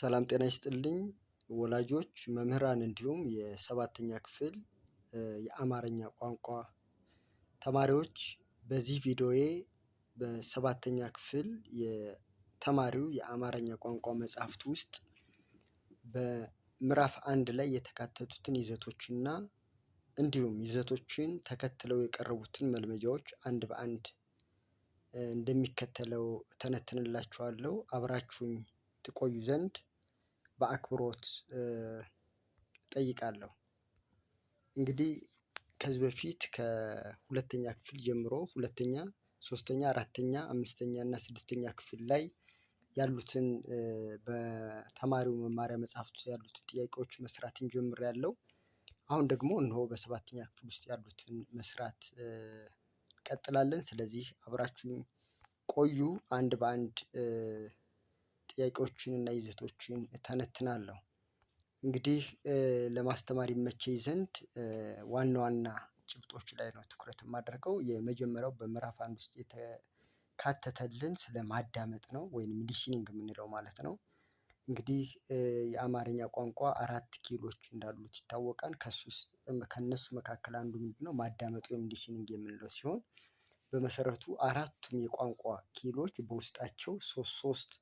ሰላም ጤና ይስጥልኝ ወላጆች መምህራን እንዲሁም የሰባተኛ ክፍል የአማርኛ ቋንቋ ተማሪዎች በዚህ ቪዲዮዬ በሰባተኛ ክፍል የተማሪው የአማርኛ ቋንቋ መጽሐፍት ውስጥ በምዕራፍ አንድ ላይ የተካተቱትን ይዘቶችና እንዲሁም ይዘቶችን ተከትለው የቀረቡትን መልመጃዎች አንድ በአንድ እንደሚከተለው ተነትንላችኋለሁ። አብራችሁኝ ትቆዩ ዘንድ በአክብሮት እጠይቃለሁ። እንግዲህ ከዚህ በፊት ከሁለተኛ ክፍል ጀምሮ ሁለተኛ ሶስተኛ አራተኛ አምስተኛ እና ስድስተኛ ክፍል ላይ ያሉትን በተማሪው መማሪያ መጽሐፍት ያሉትን ጥያቄዎች መስራትን ጀምር ያለው አሁን ደግሞ እንሆ በሰባተኛ ክፍል ውስጥ ያሉትን መስራት እንቀጥላለን። ስለዚህ አብራችሁ ቆዩ አንድ በአንድ ጥያቄዎችን እና ይዘቶችን ተነትናለሁ። እንግዲህ ለማስተማር ይመቸኝ ዘንድ ዋና ዋና ጭብጦች ላይ ነው ትኩረት የማደርገው የመጀመሪያው በምዕራፍ አንድ ውስጥ የተካተተልን ስለ ማዳመጥ ነው ወይም ሊሲኒንግ የምንለው ማለት ነው። እንግዲህ የአማርኛ ቋንቋ አራት ኪሎች እንዳሉት ይታወቃል ከእሱ ከእነሱ መካከል አንዱ ምንድነው ማዳመጥ ወይም ሊሲኒንግ የምንለው ሲሆን። በመሰረቱ አራቱም የቋንቋ ኪሎች በውስጣቸው ሶስት ሶስት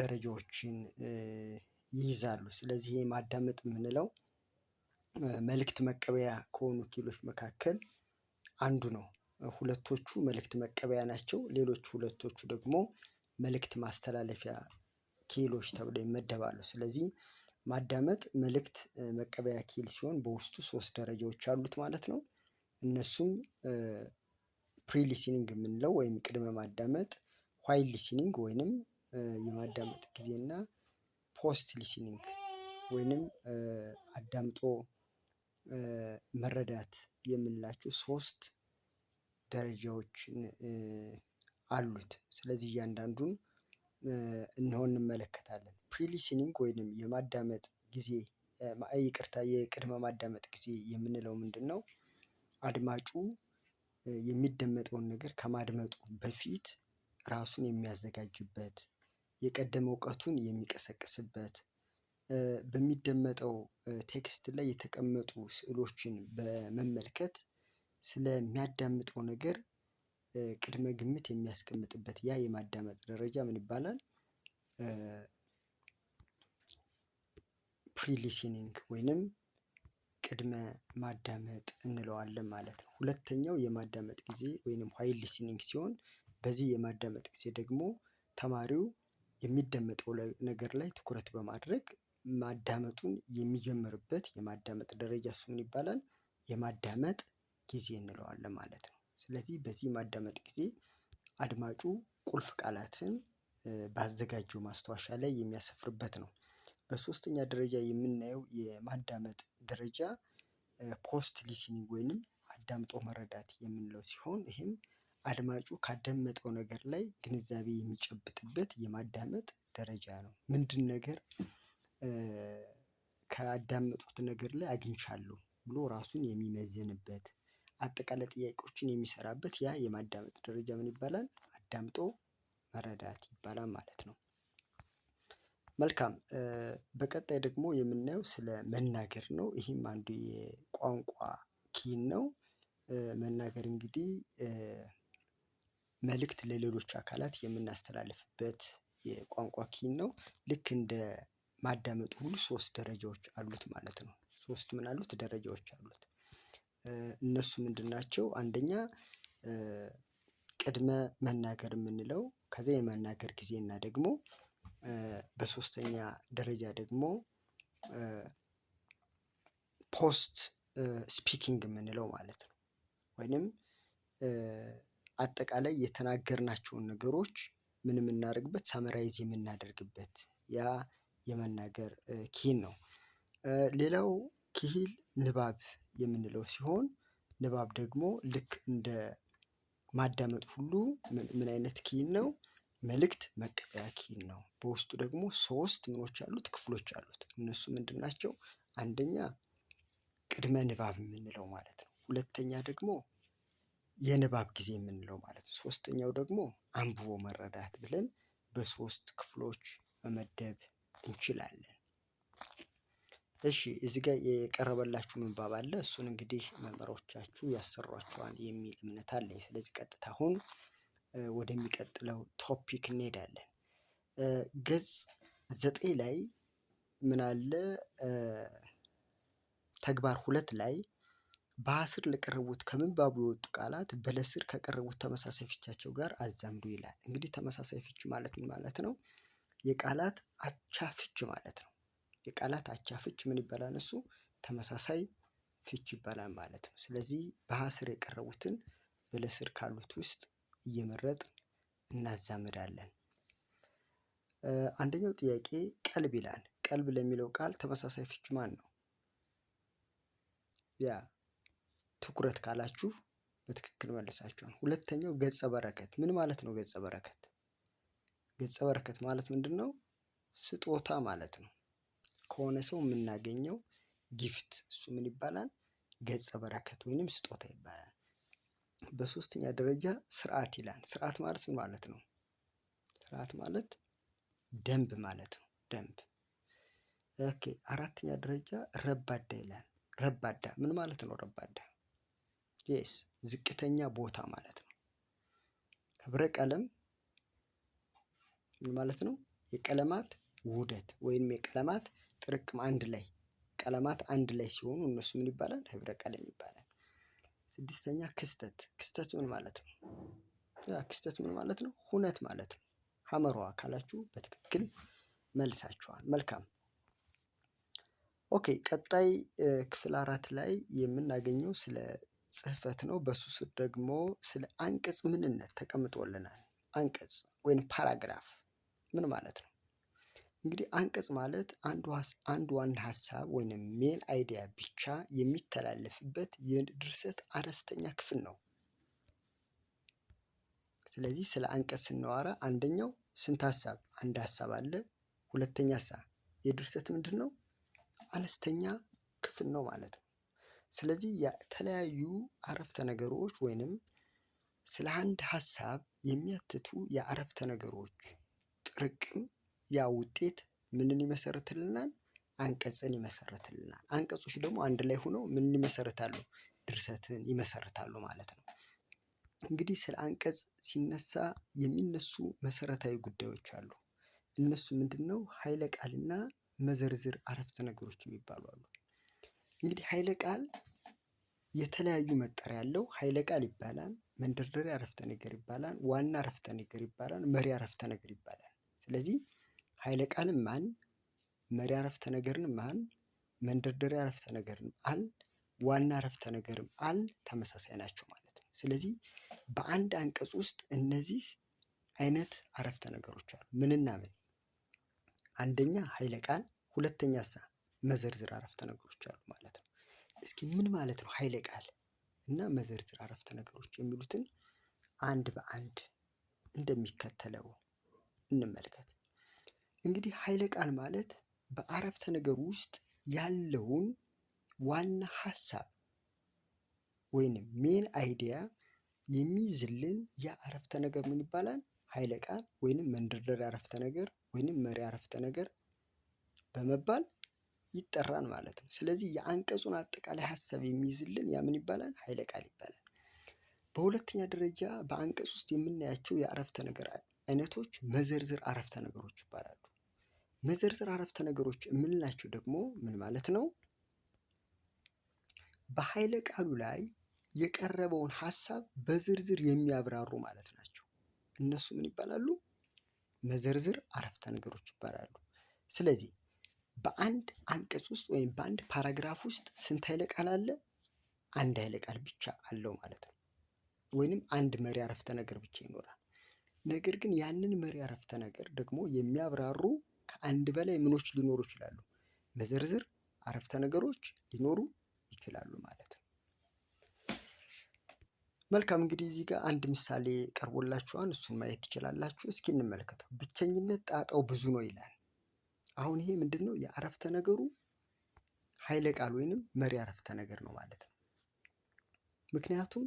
ደረጃዎችን ይይዛሉ። ስለዚህ ይህ ማዳመጥ የምንለው መልእክት መቀበያ ከሆኑ ኪሎች መካከል አንዱ ነው። ሁለቶቹ መልእክት መቀበያ ናቸው ሌሎች ሁለቶቹ ደግሞ መልእክት ማስተላለፊያ ኪሎች ተብለው ይመደባሉ። ስለዚህ ማዳመጥ መልእክት መቀበያ ኪል ሲሆን በውስጡ ሶስት ደረጃዎች አሉት ማለት ነው። እነሱም ፕሪሊሲኒንግ የምንለው ወይም ቅድመ ማዳመጥ ዋይል ሊሲኒንግ ወይንም የማዳመጥ ጊዜ እና ፖስት ሊሲኒንግ ወይንም አዳምጦ መረዳት የምንላቸው ሶስት ደረጃዎችን አሉት። ስለዚህ እያንዳንዱን እነሆ እንመለከታለን። ፕሪሊሲኒንግ ወይንም የማዳመጥ ጊዜ ይቅርታ የቅድመ ማዳመጥ ጊዜ የምንለው ምንድነው? አድማጩ የሚደመጠውን ነገር ከማድመጡ በፊት ራሱን የሚያዘጋጅበት የቀደመ እውቀቱን የሚቀሰቅስበት በሚደመጠው ቴክስት ላይ የተቀመጡ ስዕሎችን በመመልከት ስለሚያዳምጠው ነገር ቅድመ ግምት የሚያስቀምጥበት ያ የማዳመጥ ደረጃ ምን ይባላል? ፕሪሊሲኒንግ ወይንም ቅድመ ማዳመጥ እንለዋለን ማለት ነው። ሁለተኛው የማዳመጥ ጊዜ ወይንም ዋይል ሊሲኒንግ ሲሆን በዚህ የማዳመጥ ጊዜ ደግሞ ተማሪው የሚደመጠው ነገር ላይ ትኩረት በማድረግ ማዳመጡን የሚጀምርበት የማዳመጥ ደረጃ እሱ ምን ይባላል? የማዳመጥ ጊዜ እንለዋለን ማለት ነው። ስለዚህ በዚህ ማዳመጥ ጊዜ አድማጩ ቁልፍ ቃላትን ባዘጋጀው ማስታወሻ ላይ የሚያሰፍርበት ነው። በሶስተኛ ደረጃ የምናየው የማዳመጥ ደረጃ ፖስት ሊሲኒንግ ወይንም አዳምጦ መረዳት የምንለው ሲሆን ይህም አድማጩ ካዳመጠው ነገር ላይ ግንዛቤ የሚጨብጥበት የማዳመጥ ደረጃ ነው። ምንድን ነገር ካዳመጥኩት ነገር ላይ አግኝቻለሁ ብሎ ራሱን የሚመዝንበት አጠቃላይ ጥያቄዎችን የሚሰራበት ያ የማዳመጥ ደረጃ ምን ይባላል? አዳምጦ መረዳት ይባላል ማለት ነው። መልካም በቀጣይ ደግሞ የምናየው ስለ መናገር ነው። ይህም አንዱ የቋንቋ ኪን ነው። መናገር እንግዲህ መልእክት ለሌሎች አካላት የምናስተላልፍበት የቋንቋ ኪን ነው። ልክ እንደ ማዳመጡ ሁሉ ሶስት ደረጃዎች አሉት ማለት ነው። ሶስት ምን አሉት ደረጃዎች አሉት። እነሱ ምንድን ናቸው? አንደኛ ቅድመ መናገር የምንለው ከዚ የመናገር ጊዜ እና ደግሞ በሶስተኛ ደረጃ ደግሞ ፖስት ስፒኪንግ የምንለው ማለት ነው። ወይንም አጠቃላይ የተናገርናቸውን ነገሮች ምን የምናደርግበት ሳመራይዝ የምናደርግበት ያ የመናገር ኪሂል ነው። ሌላው ኪሂል ንባብ የምንለው ሲሆን ንባብ ደግሞ ልክ እንደ ማዳመጥ ሁሉ ምን አይነት ኪሂል ነው? መልእክት መቀበያ ኪሂል ነው። በውስጡ ደግሞ ሶስት ምኖች አሉት ክፍሎች አሉት እነሱ ምንድን ናቸው? አንደኛ ቅድመ ንባብ የምንለው ማለት ነው። ሁለተኛ ደግሞ የንባብ ጊዜ የምንለው ማለት ነው። ሶስተኛው ደግሞ አንብቦ መረዳት ብለን በሶስት ክፍሎች መመደብ እንችላለን። እሺ እዚህ ጋር የቀረበላችሁ ምንባብ አለ እሱን እንግዲህ መምህሮቻችሁ ያሰሯችኋል የሚል እምነት አለኝ። ስለዚህ ቀጥታ አሁን ወደሚቀጥለው ቶፒክ እንሄዳለን። ገጽ ዘጠኝ ላይ ምን አለ? ተግባር ሁለት ላይ በአስር ለቀረቡት ከምንባቡ የወጡ ቃላት በለስር ከቀረቡት ተመሳሳይ ፍቻቸው ጋር አዛምዱ ይላል። እንግዲህ ተመሳሳይ ፍች ማለት ምን ማለት ነው? የቃላት አቻ ፍች ማለት ነው። የቃላት አቻ ፍች ምን ይባላል? እሱ ተመሳሳይ ፍች ይባላል ማለት ነው። ስለዚህ በሐስር የቀረቡትን በለስር ካሉት ውስጥ እየመረጥ እናዛምዳለን። አንደኛው ጥያቄ ቀልብ ይላል። ቀልብ ለሚለው ቃል ተመሳሳይ ፍች ማን ነው? ያ ትኩረት ካላችሁ በትክክል መልሳችኋል። ሁለተኛው ገጸ በረከት ምን ማለት ነው? ገጸ በረከት ገጸ በረከት ማለት ምንድን ነው? ስጦታ ማለት ነው። ከሆነ ሰው የምናገኘው ጊፍት እሱ ምን ይባላል? ገጸ በረከት ወይንም ስጦታ ይባላል። በሶስተኛ ደረጃ ስርዓት ይላል። ስርዓት ማለት ምን ማለት ነው? ስርዓት ማለት ደንብ ማለት ነው። ደንብ ኦኬ። አራተኛ ደረጃ ረባዳ ይላል። ረባዳ ምን ማለት ነው? ረባዳ ስ ዝቅተኛ ቦታ ማለት ነው። ህብረ ቀለም ምን ማለት ነው? የቀለማት ውህደት ወይም የቀለማት ጥርቅም አንድ ላይ ቀለማት አንድ ላይ ሲሆኑ እነሱ ምን ይባላል? ህብረ ቀለም ይባላል። ስድስተኛ ክስተት። ክስተት ምን ማለት ነው? ክስተት ምን ማለት ነው? ሁነት ማለት ነው። ሀመሯ ካላችሁ በትክክል መልሳችኋል። መልካም ኦኬ። ቀጣይ ክፍል አራት ላይ የምናገኘው ስለ ጽህፈት ነው። በሱ ስር ደግሞ ስለ አንቀጽ ምንነት ተቀምጦልናል። አንቀጽ ወይም ፓራግራፍ ምን ማለት ነው? እንግዲህ አንቀጽ ማለት አንድ ሀሳብ ወይም ሜን አይዲያ ብቻ የሚተላለፍበት የድርሰት አነስተኛ ክፍል ነው። ስለዚህ ስለ አንቀጽ ስናወራ አንደኛው ስንት ሀሳብ አንድ ሀሳብ አለ። ሁለተኛ ሀሳብ የድርሰት ምንድን ነው? አነስተኛ ክፍል ነው ማለት ነው። ስለዚህ የተለያዩ አረፍተ ነገሮች ወይንም ስለ አንድ ሀሳብ የሚያትቱ የአረፍተ ነገሮች ጥርቅም ያ ውጤት ምንን ይመሰርትልናል? አንቀጽን ይመሰርትልናል። አንቀጾች ደግሞ አንድ ላይ ሆነው ምንን ይመሰርታሉ? ድርሰትን ይመሰርታሉ ማለት ነው። እንግዲህ ስለ አንቀጽ ሲነሳ የሚነሱ መሰረታዊ ጉዳዮች አሉ። እነሱ ምንድን ነው? ኃይለ ቃልና መዘርዝር አረፍተ ነገሮች የሚባሉ አሉ። እንግዲህ ኃይለ ቃል የተለያዩ መጠሪያ ያለው ኃይለ ቃል ይባላል። መንደርደሪያ አረፍተ ነገር ይባላል። ዋና አረፍተ ነገር ይባላል። መሪ አረፍተ ነገር ይባላል። ስለዚህ ኃይለ ቃልም ማን መሪ አረፍተ ነገርን ማን፣ መንደርደሪያ አረፍተ ነገርን አል፣ ዋና አረፍተ ነገርም አል ተመሳሳይ ናቸው ማለት ነው። ስለዚህ በአንድ አንቀጽ ውስጥ እነዚህ አይነት አረፍተ ነገሮች አሉ። ምንና ምን? አንደኛ ኃይለ ቃል፣ ሁለተኛ ሳ መዘርዝር አረፍተ ነገሮች አሉ ማለት ነው። እስኪ ምን ማለት ነው ኃይለ ቃል እና መዘርዝር አረፍተ ነገሮች የሚሉትን አንድ በአንድ እንደሚከተለው እንመልከት። እንግዲህ ኃይለ ቃል ማለት በአረፍተ ነገር ውስጥ ያለውን ዋና ሀሳብ ወይንም ሜን አይዲያ የሚይዝልን ያ አረፍተ ነገር ምን ይባላል? ኃይለ ቃል ወይንም መንደርደሪያ አረፍተ ነገር ወይንም መሪ አረፍተ ነገር በመባል ይጠራል ማለት ነው። ስለዚህ የአንቀጹን አጠቃላይ ሀሳብ የሚይዝልን ያምን ይባላል? ኃይለ ቃል ይባላል። በሁለተኛ ደረጃ በአንቀጽ ውስጥ የምናያቸው የአረፍተ ነገር አይነቶች መዘርዝር አረፍተ ነገሮች ይባላሉ። መዘርዝር አረፍተ ነገሮች የምንላቸው ደግሞ ምን ማለት ነው? በኃይለ ቃሉ ላይ የቀረበውን ሀሳብ በዝርዝር የሚያብራሩ ማለት ናቸው። እነሱ ምን ይባላሉ? መዘርዝር አረፍተ ነገሮች ይባላሉ። ስለዚህ በአንድ አንቀጽ ውስጥ ወይም በአንድ ፓራግራፍ ውስጥ ስንት ኃይለ ቃል አለ? አንድ ኃይለ ቃል ብቻ አለው ማለት ነው። ወይንም አንድ መሪ አረፍተ ነገር ብቻ ይኖራል። ነገር ግን ያንን መሪ አረፍተ ነገር ደግሞ የሚያብራሩ ከአንድ በላይ ምኖች ሊኖሩ ይችላሉ። መዘርዝር አረፍተ ነገሮች ሊኖሩ ይችላሉ ማለት ነው። መልካም እንግዲህ እዚህ ጋር አንድ ምሳሌ ቀርቦላችኋል። እሱን ማየት ትችላላችሁ። እስኪ እንመለከተው። ብቸኝነት ጣጣው ብዙ ነው ይላል። አሁን ይሄ ምንድነው? የአረፍተ ነገሩ ኃይለ ቃል ወይንም መሪ አረፍተ ነገር ነው ማለት ነው። ምክንያቱም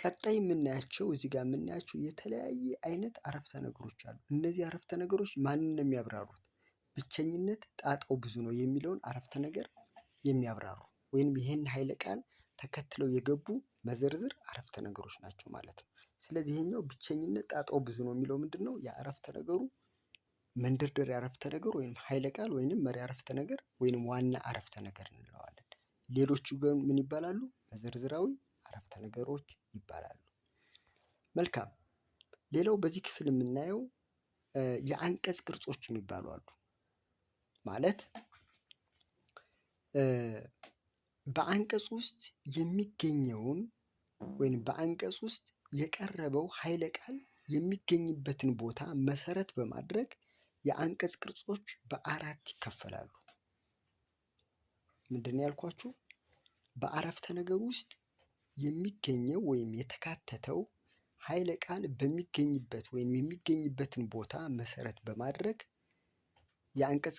ቀጣይ የምናያቸው እዚህ ጋር የምናያቸው የተለያየ አይነት አረፍተ ነገሮች አሉ። እነዚህ አረፍተ ነገሮች ማንን ነው የሚያብራሩት? ብቸኝነት ጣጣው ብዙ ነው የሚለውን አረፍተ ነገር የሚያብራሩ ወይንም ይህን ኃይለ ቃል ተከትለው የገቡ መዘርዝር አረፍተ ነገሮች ናቸው ማለት ነው። ስለዚህ ይሄኛው ብቸኝነት ጣጣው ብዙ ነው የሚለው ምንድን ነው? የአረፍተ ነገሩ መንደርደሪያ አረፍተ ነገር ወይም ኃይለ ቃል ወይንም መሪ አረፍተ ነገር ወይንም ዋና አረፍተ ነገር እንለዋለን። ሌሎቹ ግን ምን ይባላሉ? መዘርዝራዊ አረፍተ ነገሮች ይባላሉ። መልካም ሌላው በዚህ ክፍል የምናየው የአንቀጽ ቅርጾች የሚባሉ አሉ። ማለት በአንቀጽ ውስጥ የሚገኘውን ወይም በአንቀጽ ውስጥ የቀረበው ሀይለ ቃል የሚገኝበትን ቦታ መሰረት በማድረግ የአንቀጽ ቅርጾች በአራት ይከፈላሉ። ምንድን ነው ያልኳችሁ? በአረፍተ ነገር ውስጥ የሚገኘው ወይም የተካተተው ኃይለ ቃል በሚገኝበት ወይም የሚገኝበትን ቦታ መሰረት በማድረግ የአንቀጽ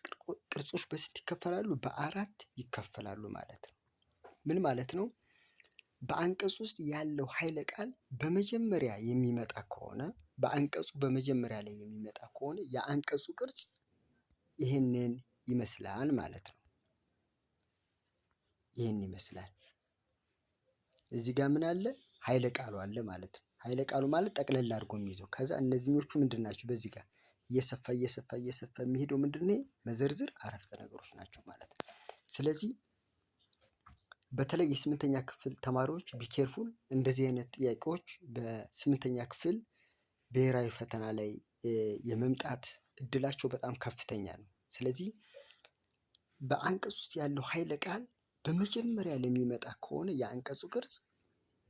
ቅርጾች በስንት ይከፈላሉ? በአራት ይከፈላሉ ማለት ነው። ምን ማለት ነው? በአንቀጽ ውስጥ ያለው ኃይለ ቃል በመጀመሪያ የሚመጣ ከሆነ በአንቀጹ በመጀመሪያ ላይ የሚመጣ ከሆነ የአንቀጹ ቅርጽ ይህንን ይመስላል ማለት ነው። ይህን ይመስላል። እዚህ ጋር ምን አለ? ኃይለ ቃሉ አለ ማለት ነው። ኃይለ ቃሉ ማለት ጠቅለል አድርጎ የሚይዘው ከዛ እነዚህኞቹ ምንድን ናቸው? በዚህ ጋር እየሰፋ እየሰፋ እየሰፋ የሚሄደው ምንድን መዘርዝር አረፍተ ነገሮች ናቸው ማለት ነው። ስለዚህ በተለይ የስምንተኛ ክፍል ተማሪዎች ቢኬርፉል እንደዚህ አይነት ጥያቄዎች በስምንተኛ ክፍል ብሔራዊ ፈተና ላይ የመምጣት እድላቸው በጣም ከፍተኛ ነው። ስለዚህ በአንቀጽ ውስጥ ያለው ኃይለ ቃል በመጀመሪያ ለሚመጣ ከሆነ የአንቀጹ ቅርጽ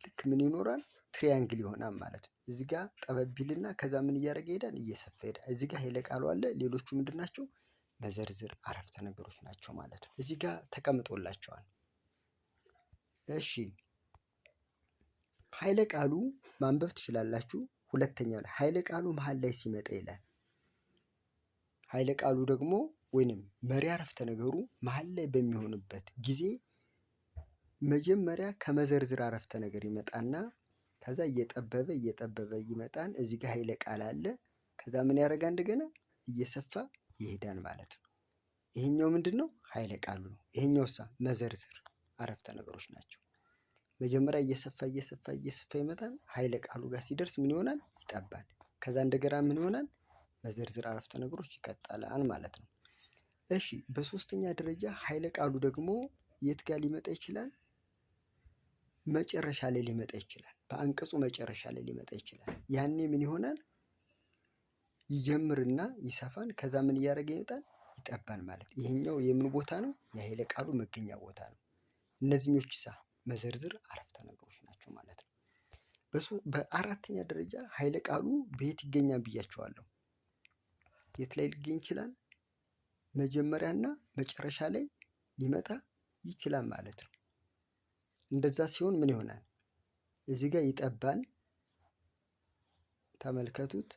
ልክ ምን ይኖራል? ትሪያንግል ይሆናል ማለት ነው። እዚህ ጋ ጠበቢልና ከዛ ምን እያደረገ ይሄዳል? እየሰፋ ይሄዳል። እዚህ ጋ ኃይለ ቃሉ አለ። ሌሎቹ ምንድን ናቸው? መዘርዝር አረፍተ ነገሮች ናቸው ማለት ነው። እዚህ ጋ ተቀምጦላቸዋል። እሺ ኃይለ ቃሉ ማንበብ ትችላላችሁ። ሁለተኛ ላይ ኃይለ ቃሉ መሀል ላይ ሲመጣ ይላል። ኃይለ ቃሉ ደግሞ ወይንም መሪ አረፍተ ነገሩ መሀል ላይ በሚሆንበት ጊዜ መጀመሪያ ከመዘርዝር አረፍተ ነገር ይመጣና ከዛ እየጠበበ እየጠበበ ይመጣን እዚ ጋር ኃይለ ቃል አለ። ከዛ ምን ያደርጋ እንደገና እየሰፋ ይሄዳል ማለት ነው። ይሄኛው ምንድን ነው? ኃይለ ቃሉ ነው። ይሄኛውሳ መዘርዝር አረፍተ ነገሮች ናቸው። መጀመሪያ እየሰፋ እየሰፋ እየሰፋ ይመጣል ኃይለ ቃሉ ጋር ሲደርስ ምን ይሆናል ይጠባል ከዛ እንደገና ምን ይሆናል በዝርዝር አረፍተ ነገሮች ይቀጥላል ማለት ነው። እሺ በሶስተኛ ደረጃ ኃይለ ቃሉ ደግሞ የት ጋር ሊመጣ ይችላል? መጨረሻ ላይ ሊመጣ ይችላል በአንቀጹ መጨረሻ ላይ ሊመጣ ይችላል ያኔ ምን ይሆናል? ይጀምርና ይሰፋል ከዛ ምን እያደረገ ይመጣል ይጠባል ማለት ይሄኛው የምን ቦታ ነው የኃይለ ቃሉ መገኛ ቦታ ነው። እነዚህኞችሳ መዘርዝር አረፍተ ነገሮች ናቸው ማለት ነው። በአራተኛ ደረጃ ኃይለ ቃሉ በየት ይገኛል ብያቸዋለሁ የት ላይ ሊገኝ ይችላል? መጀመሪያና መጨረሻ ላይ ሊመጣ ይችላል ማለት ነው። እንደዛ ሲሆን ምን ይሆናል? እዚህ ጋር ይጠባል። ተመልከቱት።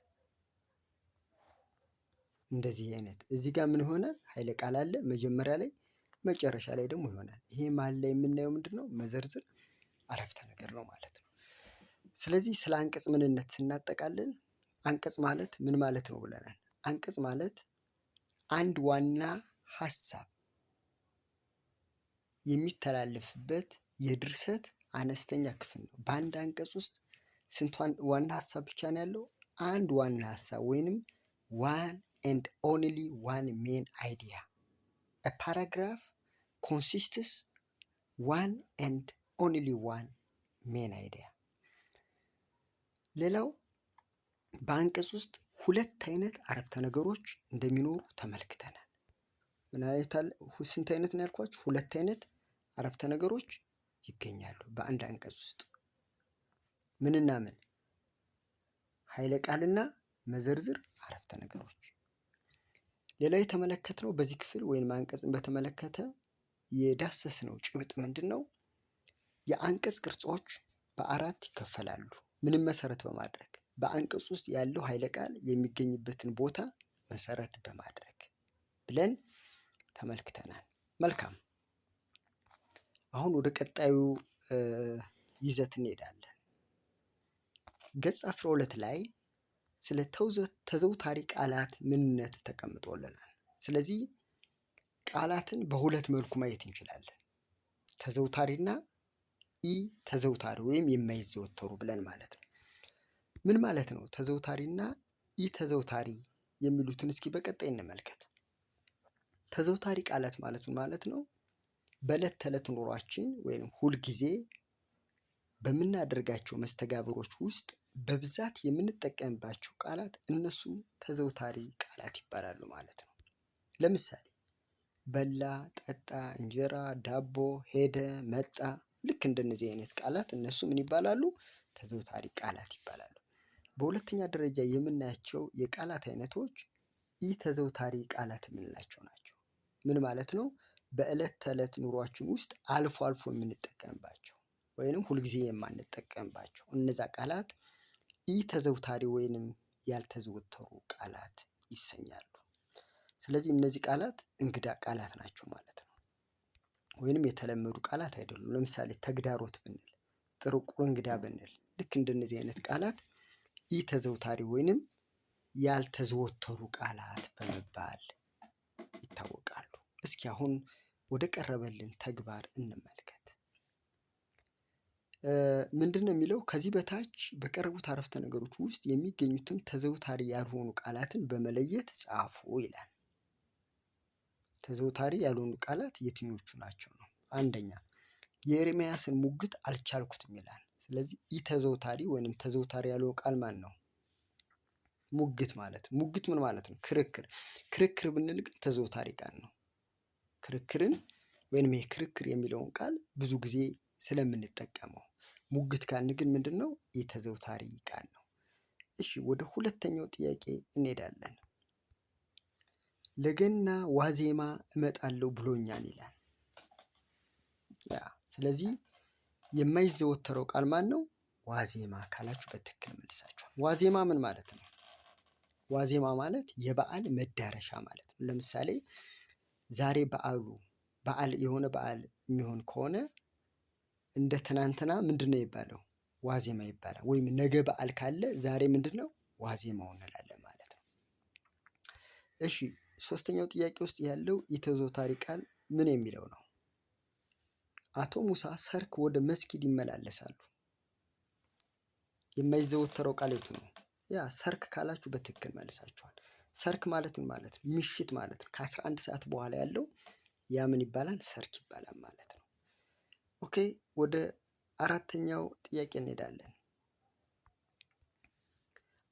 እንደዚህ አይነት እዚህ ጋር ምን ይሆናል? ኃይለ ቃል አለ መጀመሪያ ላይ መጨረሻ ላይ ደግሞ ይሆናል ይሄ መሀል ላይ የምናየው ምንድነው? መዘርዝር አረፍተ ነገር ነው ማለት ነው። ስለዚህ ስለ አንቀጽ ምንነት ስናጠቃልን አንቀጽ ማለት ምን ማለት ነው ብለናል አንቀጽ ማለት አንድ ዋና ሀሳብ የሚተላለፍበት የድርሰት አነስተኛ ክፍል ነው። በአንድ አንቀጽ ውስጥ ስንት ዋና ሀሳብ ብቻ ነው ያለው? አንድ ዋና ሀሳብ ወይንም ዋን ኤንድ ኦንሊ ዋን ሜን አይዲያ ፓራግራፍ consists one and only one ሜን አይዲያ። ሌላው በአንቀጽ ውስጥ ሁለት አይነት አረፍተ ነገሮች እንደሚኖሩ ተመልክተናል። ምን አይነት ስንት አይነት ነው ያልኳችሁ? ሁለት አይነት አረፍተ ነገሮች ይገኛሉ በአንድ አንቀጽ ውስጥ ምንና ምን? ኃይለ ቃልና መዘርዝር አረፍተ ነገሮች። ሌላው የተመለከትነው በዚህ ክፍል ወይም አንቀጽን በተመለከተ የዳሰስነው ጭብጥ ምንድን ነው? የአንቀጽ ቅርጾች በአራት ይከፈላሉ። ምንም መሰረት በማድረግ በአንቀጽ ውስጥ ያለው ኃይለ ቃል የሚገኝበትን ቦታ መሰረት በማድረግ ብለን ተመልክተናል። መልካም። አሁን ወደ ቀጣዩ ይዘት እንሄዳለን። ገጽ 12 ላይ ስለ ተዘውታሪ ቃላት ምንነት ተቀምጦልናል። ስለዚህ ቃላትን በሁለት መልኩ ማየት እንችላለን። ተዘውታሪና ኢ ተዘውታሪ ወይም የማይዘወተሩ ብለን ማለት ነው። ምን ማለት ነው? ተዘውታሪና ኢ ተዘውታሪ የሚሉትን እስኪ በቀጣይ እንመልከት። ተዘውታሪ ቃላት ማለት ምን ማለት ነው በዕለት ተዕለት ኑሯችን ወይም ሁልጊዜ በምናደርጋቸው መስተጋብሮች ውስጥ በብዛት የምንጠቀምባቸው ቃላት እነሱ ተዘውታሪ ቃላት ይባላሉ ማለት ነው። ለምሳሌ በላ፣ ጠጣ፣ እንጀራ፣ ዳቦ፣ ሄደ፣ መጣ ልክ እንደነዚህ አይነት ቃላት እነሱ ምን ይባላሉ? ተዘውታሪ ቃላት ይባላሉ። በሁለተኛ ደረጃ የምናያቸው የቃላት አይነቶች ኢ ተዘውታሪ ቃላት የምንላቸው ናቸው። ምን ማለት ነው? በዕለት ተዕለት ኑሯችን ውስጥ አልፎ አልፎ የምንጠቀምባቸው ወይንም ሁልጊዜ የማንጠቀምባቸው እነዛ ቃላት ኢ ተዘውታሪ ወይንም ያልተዘወተሩ ቃላት ይሰኛሉ። ስለዚህ እነዚህ ቃላት እንግዳ ቃላት ናቸው ማለት ነው። ወይንም የተለመዱ ቃላት አይደሉም። ለምሳሌ ተግዳሮት ብንል፣ ጥርቁር እንግዳ ብንል ልክ እንደነዚህ አይነት ቃላት ኢ ተዘውታሪ ወይንም ያልተዘወተሩ ቃላት በመባል ይታወቃሉ። እስኪ አሁን ወደ ቀረበልን ተግባር እንመልከት። ምንድን ነው የሚለው? ከዚህ በታች በቀረቡት አረፍተ ነገሮች ውስጥ የሚገኙትን ተዘውታሪ ያልሆኑ ቃላትን በመለየት ጻፉ ይላል። ተዘውታሪ ያልሆኑ ቃላት የትኞቹ ናቸው ነው? አንደኛ የኤርሚያስን ሙግት አልቻልኩትም ይላል። ስለዚህ ይህ ተዘውታሪ ወይም ተዘውታሪ ያልሆነ ቃል ማን ነው? ሙግት ማለት ሙግት ምን ማለት ነው? ክርክር ክርክር ብንል ግን ተዘውታሪ ቃል ነው። ክርክርን ወይንም ይህ ክርክር የሚለውን ቃል ብዙ ጊዜ ስለምንጠቀመው ሙግት ካልን ግን ምንድን ነው? የተዘውታሪ ቃል ነው። እሺ ወደ ሁለተኛው ጥያቄ እንሄዳለን ለገና ዋዜማ እመጣለሁ ብሎኛል ይላል። ያ ስለዚህ የማይዘወተረው ቃል ማን ነው? ዋዜማ ካላችሁ በትክክል መልሳችኋል። ዋዜማ ምን ማለት ነው? ዋዜማ ማለት የበዓል መዳረሻ ማለት ነው። ለምሳሌ ዛሬ በዓሉ በዓል የሆነ በዓል የሚሆን ከሆነ እንደ ትናንትና ነው ይባለው? ዋዜማ ይባላል። ወይም ነገ በዓል ካለ ዛሬ ምንድነው ዋዜማው እንላለን ማለት ነው። እሺ ሶስተኛው ጥያቄ ውስጥ ያለው የተዘውታሪ ቃል ምን የሚለው ነው? አቶ ሙሳ ሰርክ ወደ መስጊድ ይመላለሳሉ። የማይዘወተረው ቃል የቱ ነው? ያ ሰርክ ካላችሁ በትክክል መልሳችኋል። ሰርክ ማለት ምን ማለት ነው? ምሽት ማለት ነው። ከአስራ አንድ ሰዓት በኋላ ያለው ያ ምን ይባላል? ሰርክ ይባላል ማለት ነው። ኦኬ ወደ አራተኛው ጥያቄ እንሄዳለን።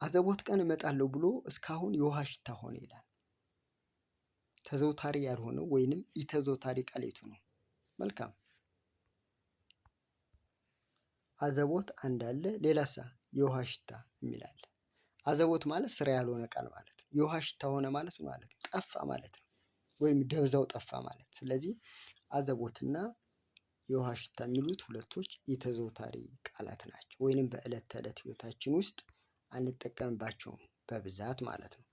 አዘቦት ቀን እመጣለሁ ብሎ እስካሁን የውሃ ሽታ ሆነ ይላል። ተዘውታሪ ያልሆነው ወይንም ኢተዘውታሪ ቃል የቱ ነው? መልካም አዘቦት አንድ አለ። ሌላሳ የውሃ ሽታ የሚላለ አዘቦት ማለት ስራ ያልሆነ ቃል ማለት ነው። የውሃ ሽታ ሆነ ማለት ማለት ነው ጠፋ ማለት ነው፣ ወይም ደብዛው ጠፋ ማለት። ስለዚህ አዘቦትና የውሃ ሽታ የሚሉት ሁለቶች የተዘውታሪ ቃላት ናቸው፣ ወይንም በዕለት ተዕለት ህይወታችን ውስጥ አንጠቀምባቸውም በብዛት ማለት ነው።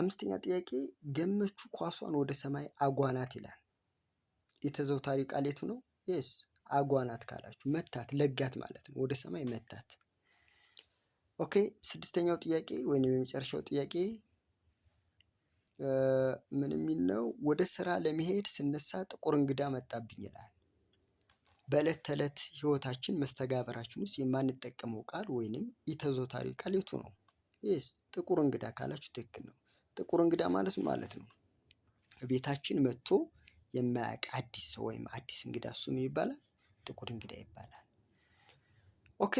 አምስተኛ ጥያቄ ገመቹ ኳሷን ወደ ሰማይ አጓናት ይላል። የተዘውታሪ ቃሌቱ የቱ ነው? የስ አጓናት ካላችሁ መታት፣ ለጋት ማለት ነው። ወደ ሰማይ መታት። ኦኬ ስድስተኛው ጥያቄ ወይም የመጨረሻው ጥያቄ ምን የሚል ነው? ወደ ስራ ለመሄድ ስነሳ ጥቁር እንግዳ መጣብኝ ይላል። በዕለት ተዕለት ህይወታችን መስተጋበራችን ውስጥ የማንጠቀመው ቃል ወይንም ኢተዘውታሪ ቃል የቱ ነው? ይስ ጥቁር እንግዳ ካላችሁ ትክክል ነው። ጥቁር እንግዳ ማለት ማለት ነው። ቤታችን መጥቶ የማያውቅ አዲስ ሰው ወይም አዲስ እንግዳ እሱ ምን ይባላል? ጥቁር እንግዳ ይባላል። ኦኬ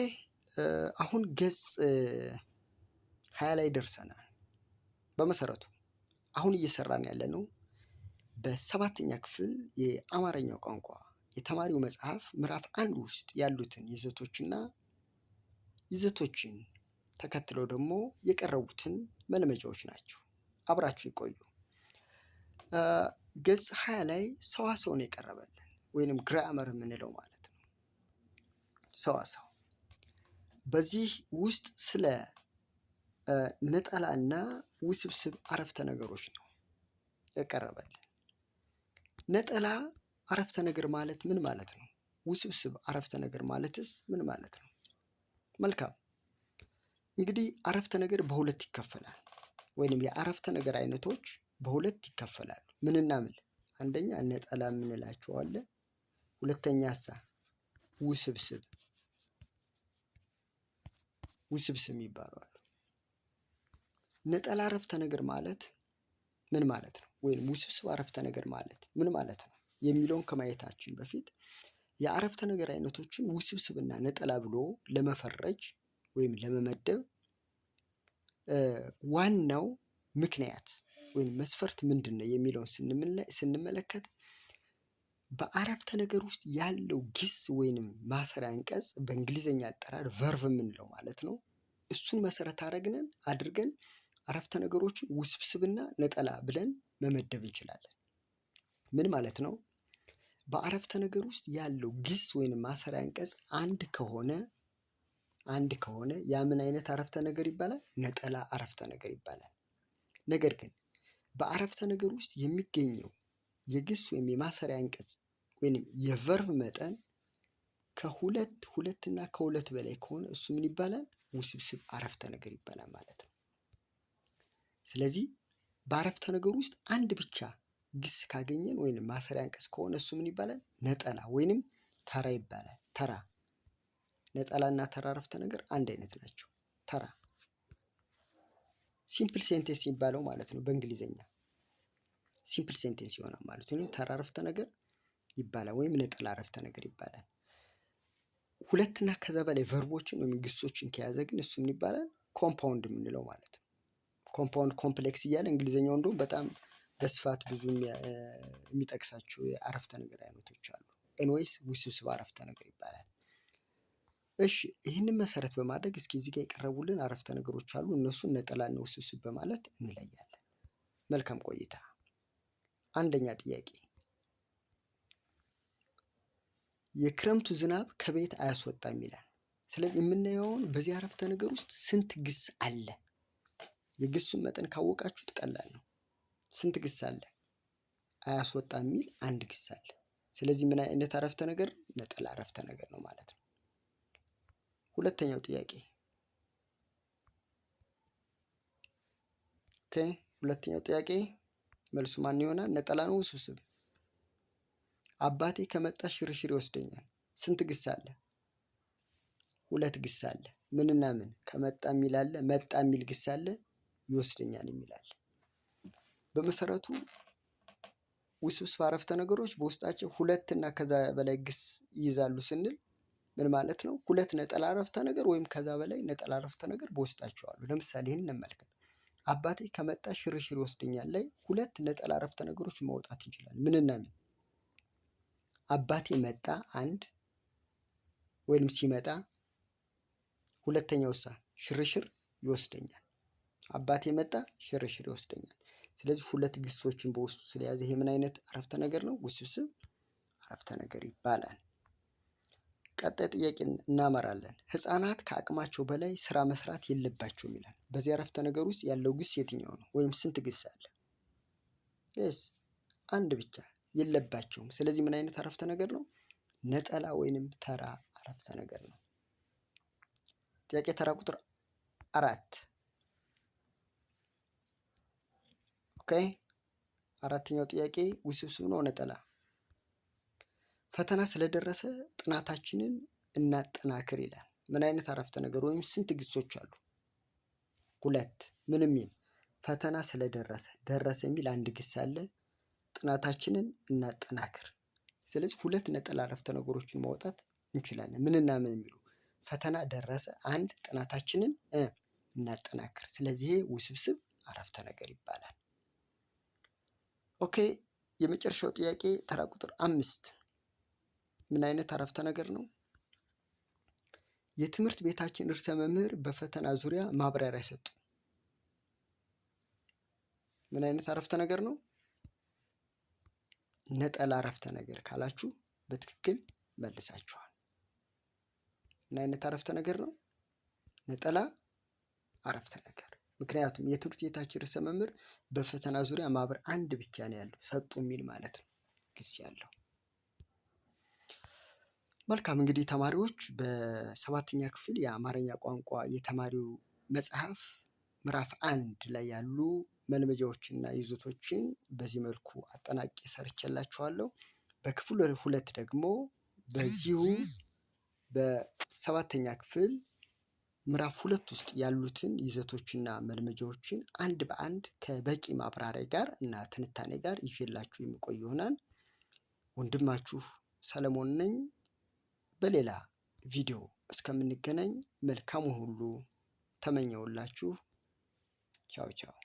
አሁን ገጽ ሃያ ላይ ደርሰናል። በመሰረቱ አሁን እየሰራን ያለነው በሰባተኛ ክፍል የአማርኛው ቋንቋ የተማሪው መጽሐፍ ምዕራፍ አንድ ውስጥ ያሉትን ይዘቶችና ይዘቶችን ተከትለው ደግሞ የቀረቡትን መልመጃዎች ናቸው። አብራችሁ ይቆዩ። ገጽ ሀያ ላይ ነው የቀረበልን ወይንም ግራመር የምንለው ማለት ነው። ሰዋሰው በዚህ ውስጥ ስለ ነጠላና ውስብስብ አረፍተ ነገሮች ነው የቀረበልን። ነጠላ አረፍተ ነገር ማለት ምን ማለት ነው? ውስብስብ አረፍተ ነገር ማለትስ ምን ማለት ነው? መልካም እንግዲህ አረፍተ ነገር በሁለት ይከፈላል። ወይንም የአረፍተ ነገር አይነቶች በሁለት ይከፈላሉ። ምንና ምን? አንደኛ ነጠላ የምንላቸው አለ። ሁለተኛ ሳ ውስብስብ ውስብስብ ይባላሉ። ነጠላ አረፍተ ነገር ማለት ምን ማለት ነው? ወይም ውስብስብ አረፍተ ነገር ማለት ምን ማለት ነው የሚለውን ከማየታችን በፊት የአረፍተ ነገር አይነቶችን ውስብስብና ነጠላ ብሎ ለመፈረጅ ወይም ለመመደብ ዋናው ምክንያት ወይም መስፈርት ምንድን ነው የሚለውን ስንመለከት በአረፍተ ነገር ውስጥ ያለው ግስ ወይንም ማሰሪያ አንቀጽ በእንግሊዘኛ አጠራር ቨርቭ የምንለው ማለት ነው። እሱን መሰረት አድርገን አድርገን አረፍተ ነገሮችን ውስብስብና ነጠላ ብለን መመደብ እንችላለን። ምን ማለት ነው? በአረፍተ ነገር ውስጥ ያለው ግስ ወይንም ማሰሪያ አንቀጽ አንድ ከሆነ አንድ ከሆነ ያ ምን አይነት አረፍተ ነገር ይባላል? ነጠላ አረፍተ ነገር ይባላል። ነገር ግን በአረፍተ ነገር ውስጥ የሚገኘው የግስ ወይም የማሰሪያ አንቀጽ ወይም የቨርብ መጠን ከሁለት ሁለትና ከሁለት በላይ ከሆነ እሱ ምን ይባላል? ውስብስብ አረፍተ ነገር ይባላል ማለት ነው። ስለዚህ በአረፍተ ነገር ውስጥ አንድ ብቻ ግስ ካገኘን ወይም ማሰሪያ አንቀጽ ከሆነ እሱ ምን ይባላል? ነጠላ ወይንም ተራ ይባላል። ተራ ነጠላና ተራ አረፍተ ነገር አንድ አይነት ናቸው። ተራ ሲምፕል ሴንቴንስ የሚባለው ማለት ነው በእንግሊዘኛ ሲምፕል ሴንቴንስ ይሆናል ማለት ነው። ተራ አረፍተ ነገር ይባላል ወይም ነጠላ አረፍተ ነገር ይባላል። ሁለትና ከዛ በላይ ቨርቦችን ወይም ግሶችን ከያዘ ግን እሱ ምን ይባላል? ኮምፓውንድ የምንለው ማለት ነው። ኮምፓውንድ ኮምፕሌክስ እያለ እንግሊዘኛ እንደውም በጣም በስፋት ብዙ የሚጠቅሳቸው የአረፍተ ነገር አይነቶች አሉ። ኤንዌይስ ውስብስብ አረፍተ ነገር ይባላል። እሺ ይህንን መሰረት በማድረግ እስኪ እዚህ ጋር የቀረቡልን አረፍተ ነገሮች አሉ። እነሱን ነጠላና ውስብስብ በማለት እንለያለን። መልካም ቆይታ። አንደኛ ጥያቄ የክረምቱ ዝናብ ከቤት አያስወጣም ይላል። ስለዚህ የምናየውን በዚህ አረፍተ ነገር ውስጥ ስንት ግስ አለ? የግሱን መጠን ካወቃችሁት ቀላል ነው። ስንት ግስ አለ? አያስወጣም የሚል አንድ ግስ አለ። ስለዚህ ምን አይነት አረፍተ ነገር? ነጠላ አረፍተ ነገር ነው ማለት ነው። ሁለተኛው ጥያቄ ኦኬ፣ ሁለተኛው ጥያቄ መልሱ ማን ይሆናል? ነጠላ ነው ውስብስብ? አባቴ ከመጣ ሽርሽር ይወስደኛል። ስንት ግስ አለ? ሁለት ግስ አለ። ምንና ምን? ከመጣ የሚል አለ፣ መጣ የሚል ግስ አለ፣ ይወስደኛል የሚል አለ። በመሰረቱ ውስብስብ አረፍተ ነገሮች በውስጣቸው ሁለት እና ከዛ በላይ ግስ ይይዛሉ ስንል ምን ማለት ነው? ሁለት ነጠላ አረፍተ ነገር ወይም ከዛ በላይ ነጠላ አረፍተ ነገር በውስጣቸው አሉ። ለምሳሌ ይህን እንመልከት። አባቴ ከመጣ ሽርሽር ይወስደኛል ላይ ሁለት ነጠላ አረፍተ ነገሮች ማውጣት እንችላለን። ምንና ምን? አባቴ መጣ አንድ ወይም ሲመጣ፣ ሁለተኛው እሳ ሽርሽር ይወስደኛል። አባቴ መጣ ሽርሽር ይወስደኛል። ስለዚህ ሁለት ግሶችን በውስጡ ስለያዘ ይሄ ምን አይነት አረፍተ ነገር ነው? ውስብስብ አረፍተ ነገር ይባላል። ቀጣይ ጥያቄ እናመራለን። ህፃናት ከአቅማቸው በላይ ስራ መስራት የለባቸውም ይላል። በዚህ አረፍተ ነገር ውስጥ ያለው ግስ የትኛው ነው? ወይም ስንት ግስ አለ? ስ አንድ ብቻ የለባቸውም። ስለዚህ ምን አይነት አረፍተ ነገር ነው? ነጠላ ወይንም ተራ አረፍተ ነገር ነው። ጥያቄ ተራ ቁጥር አራት ኦኬ። አራተኛው ጥያቄ ውስብስብ ነው። ነጠላ ፈተና ስለደረሰ ጥናታችንን እናጠናክር ይላል። ምን አይነት አረፍተ ነገር ወይም ስንት ግሶች አሉ? ሁለት። ምን የሚል ፈተና ስለደረሰ ደረሰ የሚል አንድ ግስ አለ። ጥናታችንን እናጠናክር። ስለዚህ ሁለት ነጠላ አረፍተ ነገሮችን ማውጣት እንችላለን። ምንና ምን የሚሉ ፈተና ደረሰ፣ አንድ ጥናታችንን እናጠናክር። ስለዚህ ይሄ ውስብስብ አረፍተ ነገር ይባላል። ኦኬ የመጨረሻው ጥያቄ ተራ ቁጥር አምስት ምን አይነት አረፍተ ነገር ነው? የትምህርት ቤታችን ርዕሰ መምህር በፈተና ዙሪያ ማብራሪያ ሰጡ። ምን አይነት አረፍተ ነገር ነው? ነጠላ አረፍተ ነገር ካላችሁ በትክክል መልሳችኋል። ምን አይነት አረፍተ ነገር ነው? ነጠላ አረፍተ ነገር። ምክንያቱም የትምህርት ቤታችን ርዕሰ መምህር በፈተና ዙሪያ ማብራሪያ አንድ ብቻ ነው ያለው፣ ሰጡ የሚል ማለት ነው ግስ ያለው መልካም እንግዲህ ተማሪዎች በሰባተኛ ክፍል የአማርኛ ቋንቋ የተማሪው መጽሐፍ ምዕራፍ አንድ ላይ ያሉ መልመጃዎችና ይዘቶችን በዚህ መልኩ አጠናቄ ሰርቼላችኋለሁ። በክፍል ሁለት ደግሞ በዚሁ በሰባተኛ ክፍል ምዕራፍ ሁለት ውስጥ ያሉትን ይዘቶችና መልመጃዎችን አንድ በአንድ ከበቂ ማብራሪያ ጋር እና ትንታኔ ጋር ይዤላችሁ የሚቆይ ይሆናል። ወንድማችሁ ሰለሞን ነኝ። በሌላ ቪዲዮ እስከምንገናኝ መልካሙን ሁሉ ተመኘውላችሁ። ቻው ቻው።